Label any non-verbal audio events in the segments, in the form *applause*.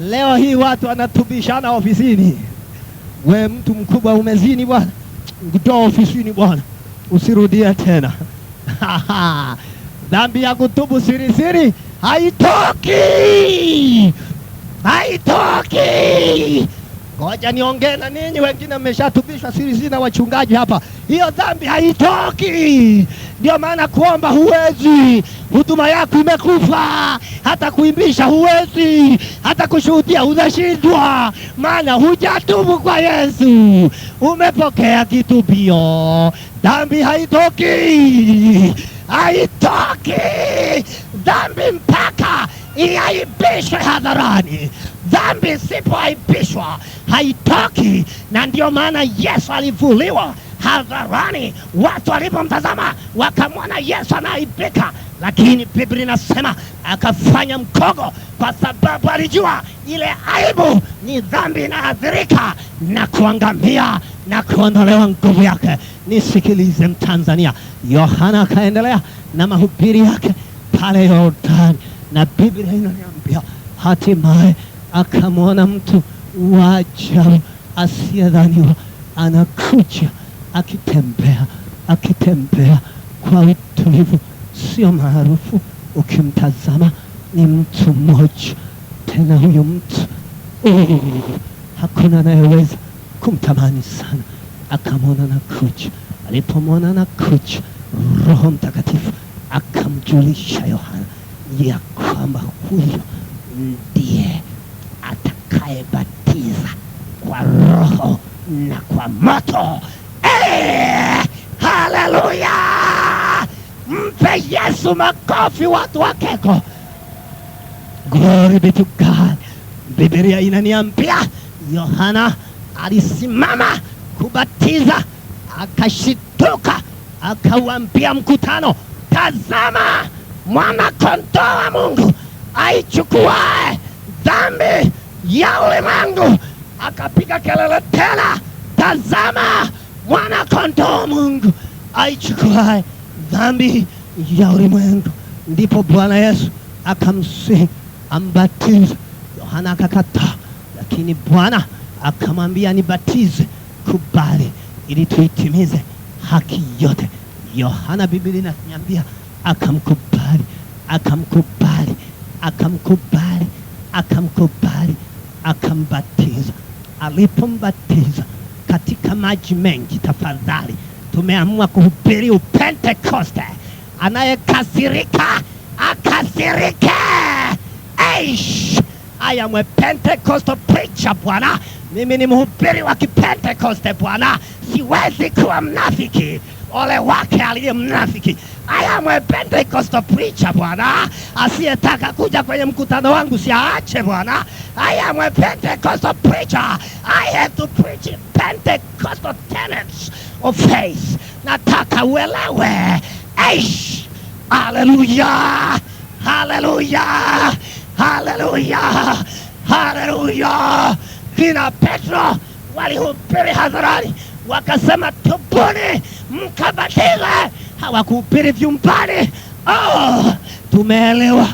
Leo hii watu wanatubishana ofisini, we mtu mkubwa umezini bwana, kutoa ofisini bwana, usirudia tena. *laughs* Dhambi ya kutubu sirisiri haitoki, haitoki. Ngoja niongee na ninyi, wengine mmeshatupishwa siri zina wachungaji hapa. Hiyo dhambi haitoki, ndio maana kuomba huwezi, huduma yako imekufa. Hata kuimbisha huwezi, hata kushuhudia unashindwa, maana hujatubu kwa Yesu, umepokea kitubio. Dhambi haitoki, haitoki dhambi mpaka iaibishwe hadharani. Dhambi isipoaibishwa haitoki, na ndio maana Yesu alivuliwa hadharani. Watu walipomtazama wakamwona Yesu anaibika, lakini Biblia inasema akafanya mkogo, kwa sababu alijua ile aibu ni dhambi inaadhirika na kuangamia na kuondolewa nguvu yake. Nisikilize Mtanzania, Yohana akaendelea na mahubiri yake pale Yordani, na Biblia inaniambia hatimaye akamwona mtu wa ajabu asiyedhaniwa anakuja akitembea akitembea kwa utulivu, sio maarufu. Ukimtazama ni mtu mmoja tena, huyu mtu eh, hakuna anayeweza kumtamani sana. Akamwona na kuja, alipomwona na kuja, Roho Mtakatifu akamjulisha Yohana ya kwamba huyo kwa roho na kwa moto. Hey, eh, haleluya! Mpe Yesu makofi watu wakeko. Glory be to God. Biblia inaniambia Yohana alisimama kubatiza akashituka, akawambia mkutano, tazama mwana kondoo wa Mungu aichukuae dhambi ya ulimwengu akapiga kelele tena, tazama mwana kondoo Mungu aichukuaye dhambi ya ulimwengu. Ndipo Bwana Yesu akamsihi ambatize Yohana, akakataa, lakini Bwana akamwambia nibatize, kubali ili tuitimize haki yote. Yohana, Biblia inaniambia akamkubali, akamkubali, akamkubali, akamkubali, akambatiza alipombatiza katika maji mengi. Tafadhali, tumeamua kuhubiri upentekoste. Anayekasirika akasirike. Eish, I am a Pentecostal preacher bwana. Mimi ni mhubiri wa Kipentekoste bwana, siwezi kuwa mnafiki ole wake aliye mnafiki. Aya, mwepentekosto preacher Bwana, asiyetaka kuja kwenye mkutano wangu siaache Bwana. Aya, mwepentekosto preacher, I have to preach Pentecostal tenets of faith. Nataka uelewe. Eish, haleluya, haleluya, haleluya, haleluya. Kina Petro walihubiri hadharani wakasema tubuni, mkabatile Hawakuhubiri vyumbani. Oh, tumeelewa.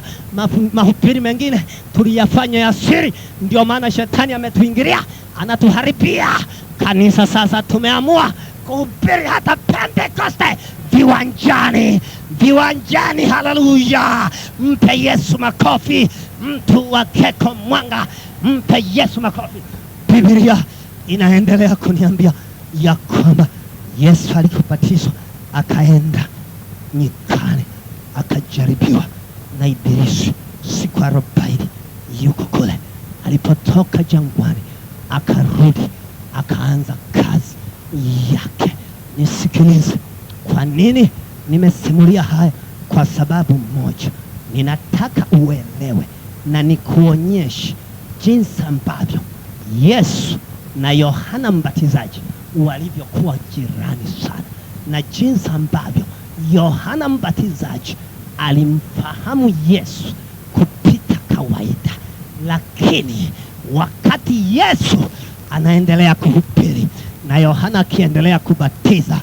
Mahubiri mengine tuliyafanya ya siri, ndio maana shetani ametuingilia anatuharibia kanisa. Sasa tumeamua kuhubiri hata Pentekoste viwanjani, viwanjani. Haleluya! Mpe Yesu makofi, mtu wa Keko Mwanga, mpe Yesu makofi. Biblia inaendelea kuniambia ya kwamba Yesu alipobatizwa akaenda nyikani akajaribiwa na Ibilisi siku arobaini yuko kule. Alipotoka jangwani akarudi akaanza kazi yake. Nisikilize, kwa nini nimesimulia haya? Kwa sababu moja, ninataka uelewe na nikuonyeshe jinsi ambavyo Yesu na Yohana Mbatizaji walivyokuwa jirani sana na jinsi ambavyo Yohana Mbatizaji alimfahamu Yesu kupita kawaida, lakini wakati Yesu anaendelea kuhubiri na Yohana akiendelea kubatiza,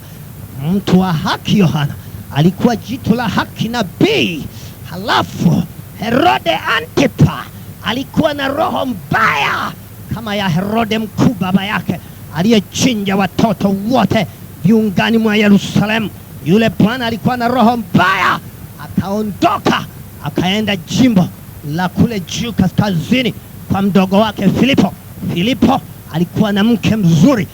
mtu wa haki Yohana alikuwa jitu la haki, nabii. Halafu Herode Antipa alikuwa na roho mbaya kama ya Herode mkuu baba yake aliyechinja watoto wote viungani mwa Yerusalemu. Yule bwana alikuwa na roho mbaya, akaondoka akaenda jimbo la kule juu kaskazini kwa mdogo wake Filipo. Filipo alikuwa na mke mzuri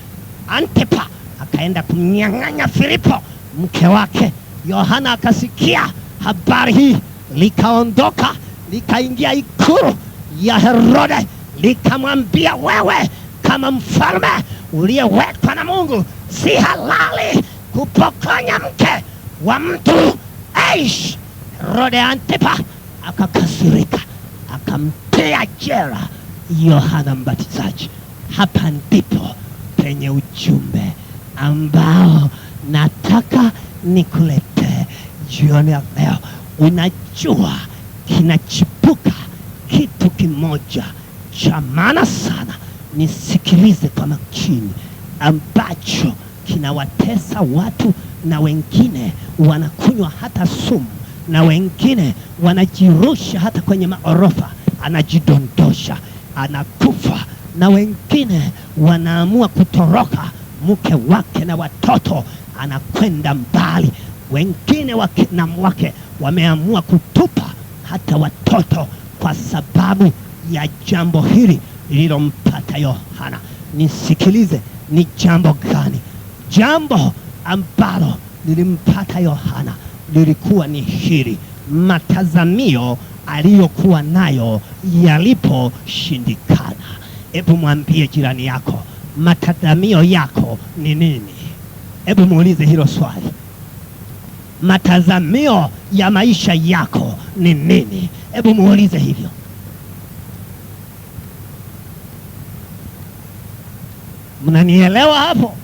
Antipa, akaenda kumnyang'anya Filipo mke wake. Yohana akasikia habari hii, likaondoka likaingia ikulu ya Herode, likamwambia wewe kama mfalme uliyewekwa na Mungu. Si halali kupokonya mke wa mtu. Eish! Herode Antipa akakasirika, akamtia jela Yohana Mbatizaji. Hapa ndipo penye ujumbe ambao nataka nikuletee jioni ya leo. Unajua, kinachipuka kitu kimoja cha maana sana nisikilize kwa makini, ambacho kinawatesa watu na wengine wanakunywa hata sumu na wengine wanajirusha hata kwenye maorofa, anajidondosha anakufa, na wengine wanaamua kutoroka mke wake na watoto, anakwenda mbali. Wengine na mwake wameamua kutupa hata watoto kwa sababu ya jambo hili lililompata Yohana. Nisikilize, ni jambo gani? Jambo ambalo lilimpata Yohana lilikuwa ni hili, matazamio aliyokuwa nayo yaliposhindikana. Hebu mwambie jirani yako, matazamio yako ni nini? Hebu muulize hilo swali, matazamio ya maisha yako ni nini? Hebu muulize hivyo. Mnanielewa hapo?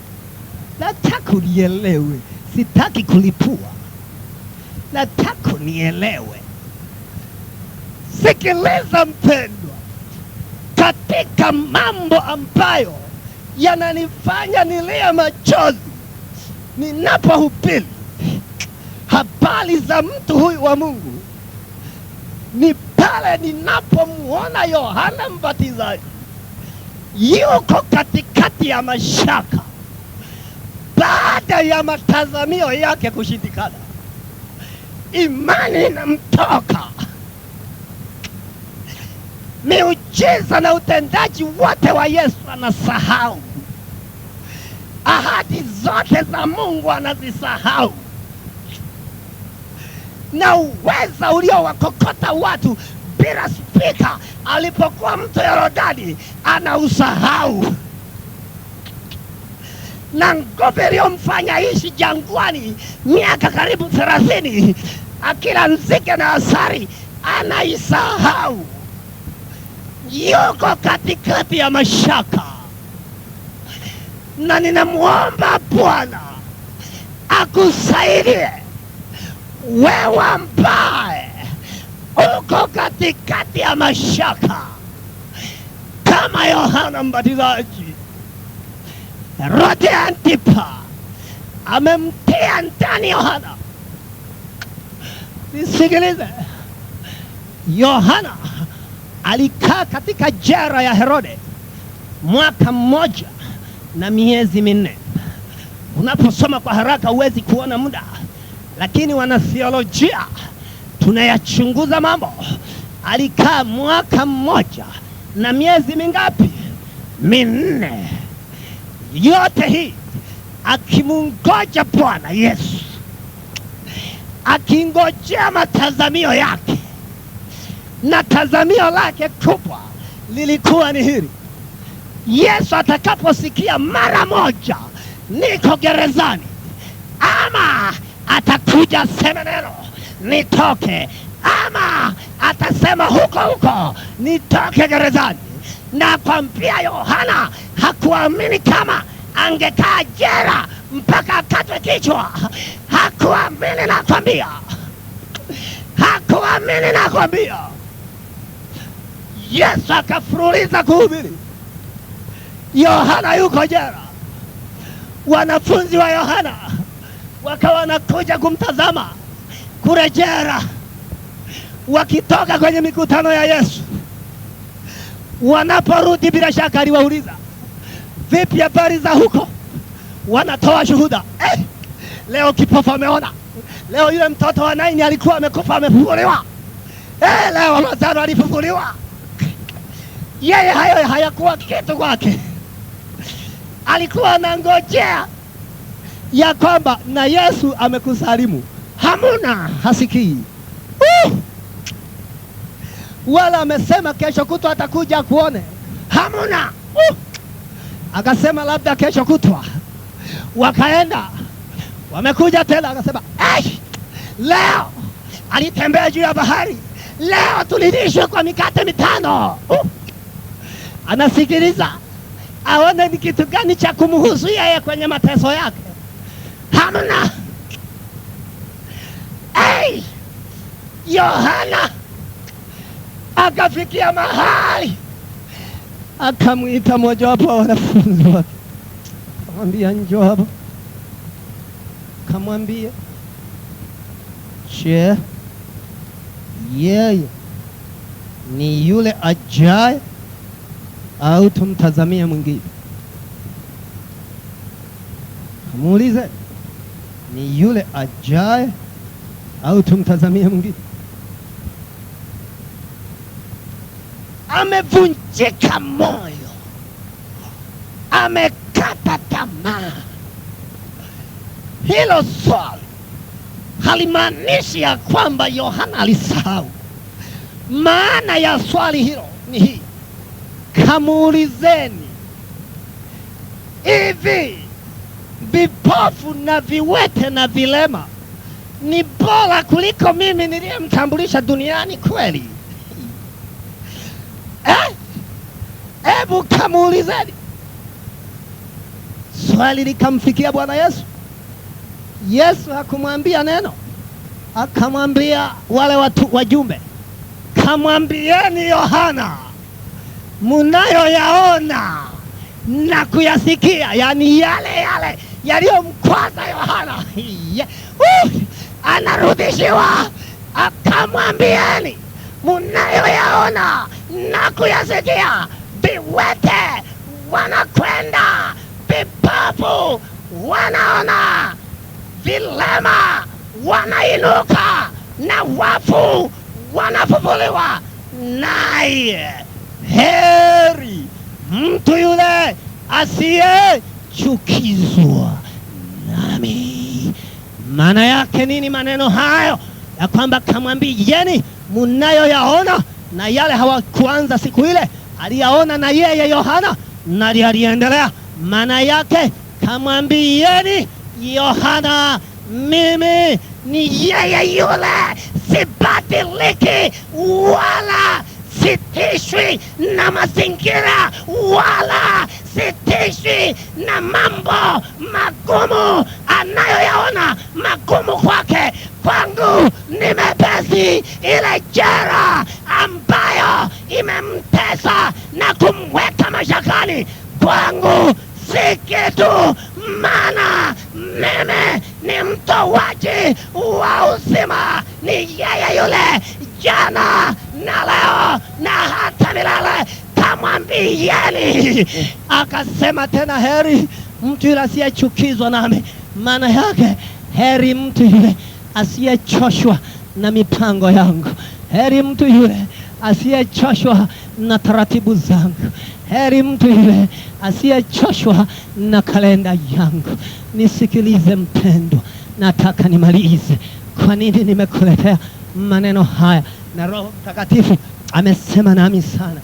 Nataka unielewe, sitaki kulipua, nataka unielewe. Sikiliza mpendwa, katika mambo ambayo yananifanya nilia machozi ninapohubiri habari za mtu huyu wa Mungu ni pale ninapomwona Yohana Mbatizaji yuko katikati ya mashaka baada ya matazamio yake kushindikana, imani inamtoka, miujiza na utendaji wote wa Yesu anasahau, ahadi zote za Mungu anazisahau, na uweza uliowakokota watu bila spika alipokuwa mto ana anausahau, na ngome iliyomfanya ishi jangwani miaka karibu thelathini akila nzige na asari anaisahau. Yuko katikati ya mashaka, na ninamwomba Bwana akusaidie wewe ambao huko katikati ya mashaka kama Yohana Mbatizaji, Herode Antipa amemtia ndani Yohana. Nisikilize, Yohana alikaa katika jera ya Herode mwaka mmoja na miezi minne. Unaposoma kwa haraka huwezi kuona muda, lakini wanatheolojia tunayachunguza mambo. Alikaa mwaka mmoja na miezi mingapi? Minne. Yote hii akimungoja Bwana Yesu, akingojea matazamio yake, na tazamio lake kubwa lilikuwa ni hili: Yesu atakaposikia mara moja niko gerezani, ama atakuja sema neno nitoke, ama atasema huko huko nitoke gerezani. Na kwa mpia, Yohana hakuamini kama angekaa jela mpaka akatwe kichwa. Hakuamini nakwambia, hakuamini nakwambia. Yesu akafuruliza kuhubiri. Yohana yuko jela, wanafunzi wa Yohana wakawa wanakuja kumtazama kurejera, wakitoka kwenye mikutano ya Yesu, wanaporudi bila shaka aliwauliza vipi habari za huko, wanatoa shuhuda eh, leo kipofu ameona, leo yule mtoto wa naini alikuwa amekufa amefufuliwa, eh, leo Lazaro alifufuliwa. Yeye hayo hayakuwa kitu kwake, alikuwa anangojea ya kwamba na Yesu amekusalimu hamuna, hasikii uh! wala amesema kesho kutwa atakuja kuone, hamuna uh! akasema labda kesho kutwa, wakaenda wamekuja tena, akasema leo alitembea juu ya bahari, leo tulidishwe kwa mikate mitano uh! anasikiliza aone ni kitu gani cha kumhusu yeye kwenye mateso yake, hamna Hey, Yohana akafikia mahali akamwita mojawapo wa wanafunzi wake, akamwambia njoo hapo, Akamwambia je, yeye ni yule ajaye au tumtazamia mwingine? Kamuulize, ni yule ajaye au tumtazamie mwingine? Amevunjika moyo, amekata tamaa. Hilo swali halimaanishi ya kwamba Yohana alisahau. Maana ya swali hilo ni hii, kamuulizeni hivi, vipofu na viwete na vilema ni bora kuliko mimi niliyemtambulisha duniani kweli? Eh? Hebu eh? Kamuulizeni swali likamfikia Bwana Yesu. Yesu hakumwambia neno, akamwambia wale watu wajumbe, kamwambieni Yohana, munayoyaona na kuyasikia, yaani yale yale yaliyomkwaza Yohana. *laughs* anarudishiwa, akamwambieni munayoyaona na kuyasikia, viwete wanakwenda, vipofu wanaona, vilema wanainuka, na wafu wanafufuliwa. Naye heri mtu yule asiye chukizwa maana yake nini maneno hayo ya kwamba kamwambieni munayoyaona na yale hawakuanza siku ile aliyaona na yeye Yohana na aliendelea. Maana yake kamwambieni Yohana, mimi ni yeye yule, sibadiliki wala sitishwi na mazingira wala sitishwi na mambo magumu ngumu kwake, kwangu ni mepesi. Ile jera ambayo imemtesa na kumweka mashakani, kwangu si kitu, maana mimi ni mtowaji wa uzima. Ni yeye yule jana na leo na hata milele. Kamwambieni akasema tena, heri mtu yule asiyechukizwa nami, maana yake Heri mtu yule asiyechoshwa na mipango yangu. Heri mtu yule asiyechoshwa na taratibu zangu. Heri mtu yule asiyechoshwa na kalenda yangu. Nisikilize mpendwa, nataka nimalize. Kwa nini nimekuletea maneno haya? Na Roho Mtakatifu amesema nami sana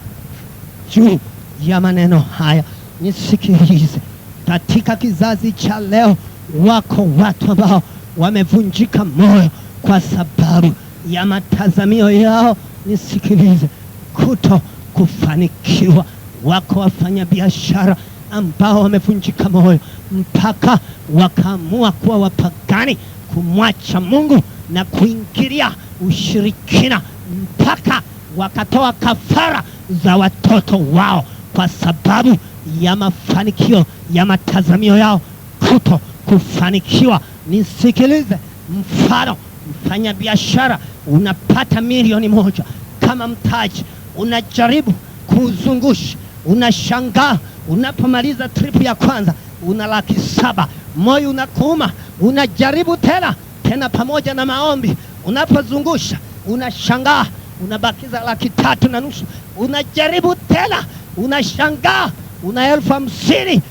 juu ya maneno haya. Nisikilize, katika kizazi cha leo wako watu ambao wamevunjika moyo kwa sababu ya matazamio yao, nisikilize, kuto kufanikiwa. Wako wafanyabiashara ambao wamevunjika moyo mpaka wakaamua kuwa wapagani, kumwacha Mungu na kuingilia ushirikina, mpaka wakatoa kafara za watoto wao kwa sababu ya mafanikio ya matazamio yao kuto kufanikiwa. Nisikilize, mfano mfanya biashara unapata milioni moja kama mtaji, unajaribu kuzungusha, unashangaa unapomaliza tripu ya kwanza una laki saba. Moyo unakuuma, unajaribu tena tena, pamoja na maombi, unapozungusha unashangaa unabakiza laki tatu na nusu. Unajaribu tena, unashangaa una elfu hamsini.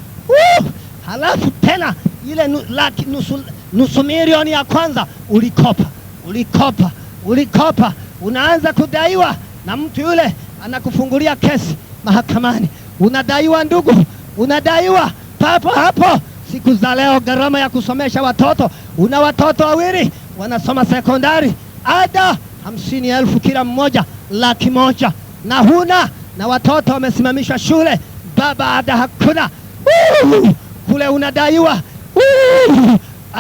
Halafu tena ile laki nusu, nusu milioni ya kwanza ulikopa ulikopa ulikopa, unaanza kudaiwa na mtu yule anakufungulia kesi mahakamani, unadaiwa ndugu, unadaiwa papo hapo. Siku za leo gharama ya kusomesha watoto, una watoto wawili wanasoma sekondari, ada hamsini elfu kila mmoja, laki moja, na huna na watoto wamesimamishwa shule, baba ada hakuna. Uhuhu, kule unadaiwa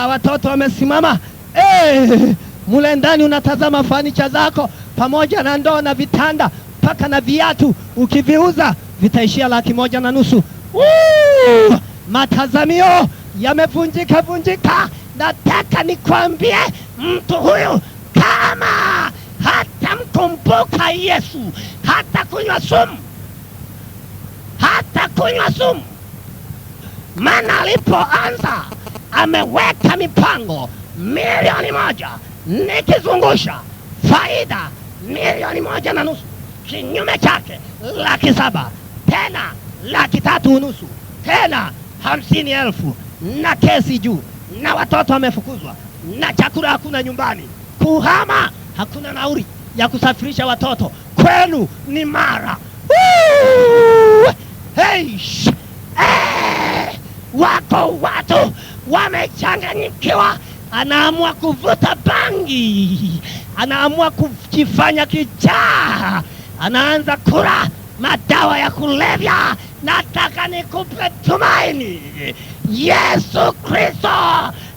watoto wamesimama hey, eh, mule ndani unatazama fanicha zako pamoja na ndoo na vitanda mpaka na viatu, ukiviuza vitaishia laki moja na nusu. Matazamio yamevunjika vunjika. Nataka nikwambie mtu huyu kama hatamkumbuka Yesu hata kunywa sumu, hata kunywa sumu maana alipoanza ameweka mipango milioni moja nikizungusha faida milioni moja na nusu kinyume chake laki saba tena laki tatu unusu tena hamsini elfu na kesi juu na watoto wamefukuzwa na chakula hakuna nyumbani, kuhama hakuna nauri ya kusafirisha watoto kwenu ni mara hey! wako watu wamechanganyikiwa, anaamua kuvuta bangi, anaamua kujifanya kichaa, anaanza kula madawa ya kulevya. Nataka nikupe tumaini, Yesu Kristo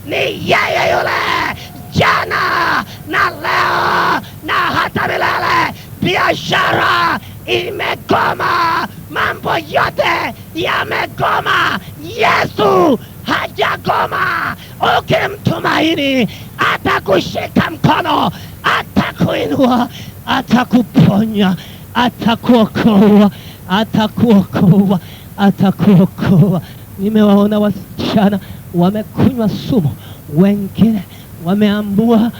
ni yeye yule jana na leo na hata milele. Biashara imegoma, mambo yote yamegoma. Yesu hajagoma. Ukimtumaini atakushika mkono, atakuinua, atakuponya, atakuokoa, atakuokoa, atakuokoa. Nimewaona wasichana wamekunywa sumu, wengine wameambua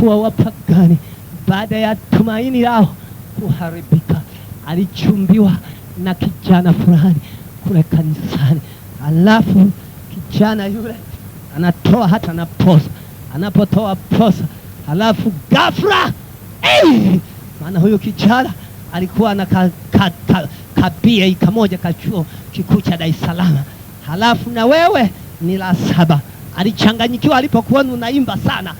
kuwa wapagani baada ya tumaini lao kuharibika alichumbiwa na kijana fulani kule kanisani, alafu kijana yule anatoa hata na posa. Anapotoa posa, alafu ghafla hey! Eh! maana huyu kijana alikuwa na ka, ka, ka, ka BA kachuo chuo kikuu cha Dar es Salaam, halafu na wewe ni la saba. Alichanganyikiwa alipokuona unaimba sana,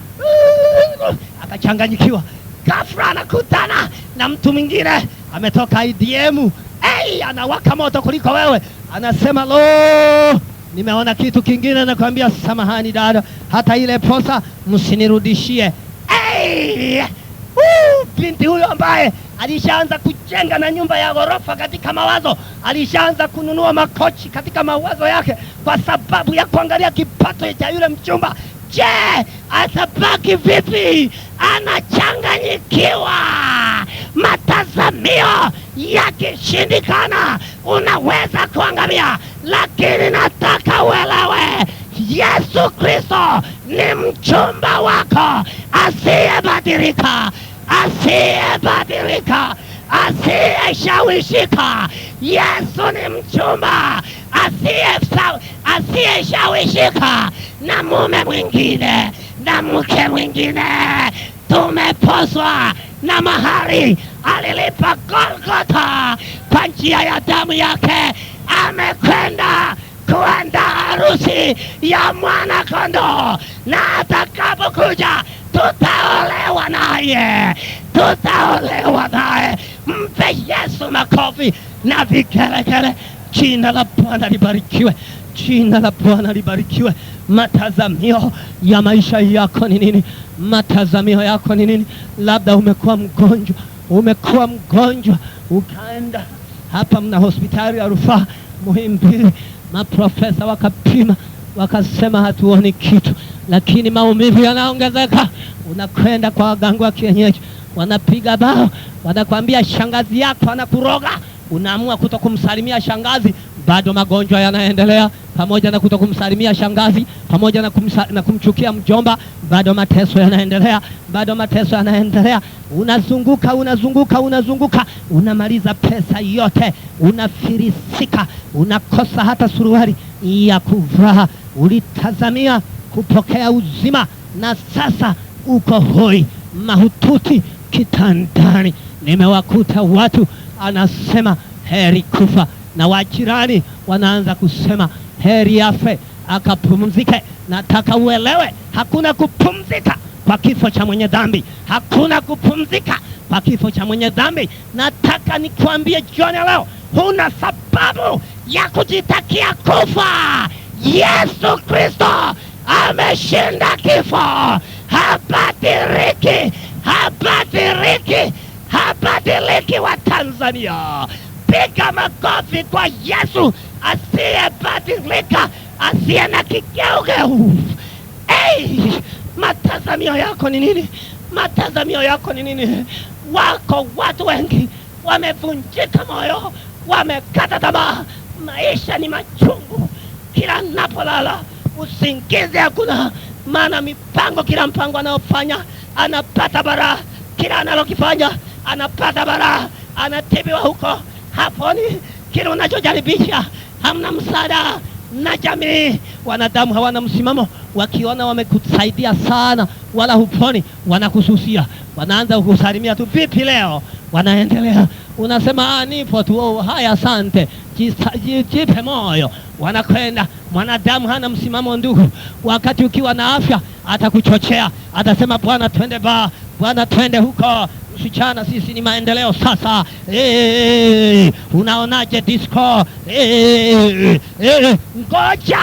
akachanganyikiwa. Ghafla anakutana na mtu mwingine ametoka IDM. Hey, anawaka moto kuliko wewe, anasema lo, nimeona kitu kingine. Nakwambia samahani dada, hata ile posa msinirudishie. Hey, binti huyo ambaye alishaanza kujenga na nyumba ya ghorofa katika mawazo, alishaanza kununua makochi katika mawazo yake kwa sababu ya kuangalia kipato cha yule mchumba. Je, atabaki vipi? Anachanganyikiwa matazamio yakishindikana unaweza kuangamia, lakini nataka uelewe Yesu Kristo ni mchumba wako asiyebadilika, asiyebadilika, asiyeshawishika. Yesu ni mchumba asiyeshawishika na mume mwingine na mke mwingine. Tumeposwa na mahali alilipa Golgotha kwa njia ya damu yake, amekwenda kuanda harusi ya mwana kondoo, na atakapokuja tutaolewa naye, tutaolewa naye. Mpe Yesu makofi na vigelegele. Jina la Bwana libarikiwe. Jina la Bwana libarikiwe. Matazamio ya maisha yako ni nini? matazamio yako ni nini? Labda umekuwa mgonjwa, umekuwa mgonjwa ukaenda hapa, mna hospitali ya rufaa Muhimbili, maprofesa wakapima wakasema hatuoni kitu, lakini maumivu yanaongezeka. Unakwenda kwa waganga wa kienyeji, wanapiga bao, wanakwambia shangazi yako anakuroga. Unaamua kuto kumsalimia shangazi, bado magonjwa yanaendelea, pamoja na kuto kumsalimia shangazi, pamoja na, kumsa, na kumchukia mjomba, bado mateso yanaendelea, bado mateso yanaendelea. Unazunguka, unazunguka, unazunguka, unamaliza pesa yote, unafirisika, unakosa hata suruali ya kuvaa. Ulitazamia kupokea uzima na sasa uko hoi mahututi kitandani. Nimewakuta watu, anasema heri kufa na wajirani wanaanza kusema heri afe akapumzike. Nataka uelewe, hakuna kupumzika kwa kifo cha mwenye dhambi, hakuna kupumzika kwa kifo cha mwenye dhambi. Nataka nikuambie jioni ya leo, huna sababu ya kujitakia kufa. Yesu Kristo ameshinda kifo, habadiriki, habadiriki, habadiriki wa Tanzania. Piga makofi kwa Yesu asiyebadilika, asiye na kigeugeu. Hey, matazamio yako ni nini? Matazamio yako ni nini? Wako watu wengi wamevunjika moyo, wamekata tamaa, maisha ni machungu. Kila napolala usingizi hakuna maana mipango, kila mpango anaofanya anapata baraa, kila analokifanya anapata baraa, anatibiwa huko haponi. Kile unachojaribisha hamna msaada na jamii. Wanadamu hawana msimamo, wakiona wamekusaidia sana wala huponi, wanakususia, wanaanza kukusalimia tu, vipi leo, wanaendelea unasema ah, nipo tu, oh, haya asante, jipe moyo, wanakwenda. Mwanadamu hana msimamo ndugu. Wakati ukiwa na afya, atakuchochea atasema, bwana twende ba, bwana twende huko msichana, sisi ni maendeleo sasa. Hey, ee, unaonaje disco? Hey, ee, hey, ee, ngoja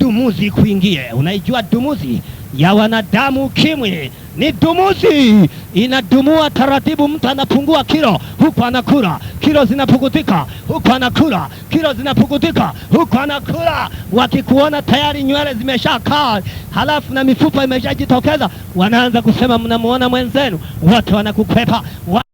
dumuzi kuingie. Unaijua dumuzi? ya wanadamu ukimwi ni dumuzi, inadumua taratibu. Mtu anapungua kilo huku anakula, kilo zinapukutika huku anakula, kilo zinapukutika huku anakula. Wakikuona tayari nywele zimeshakaa, halafu na mifupa imeshajitokeza, wanaanza kusema mnamuona mwenzenu, wote wanakukwepa.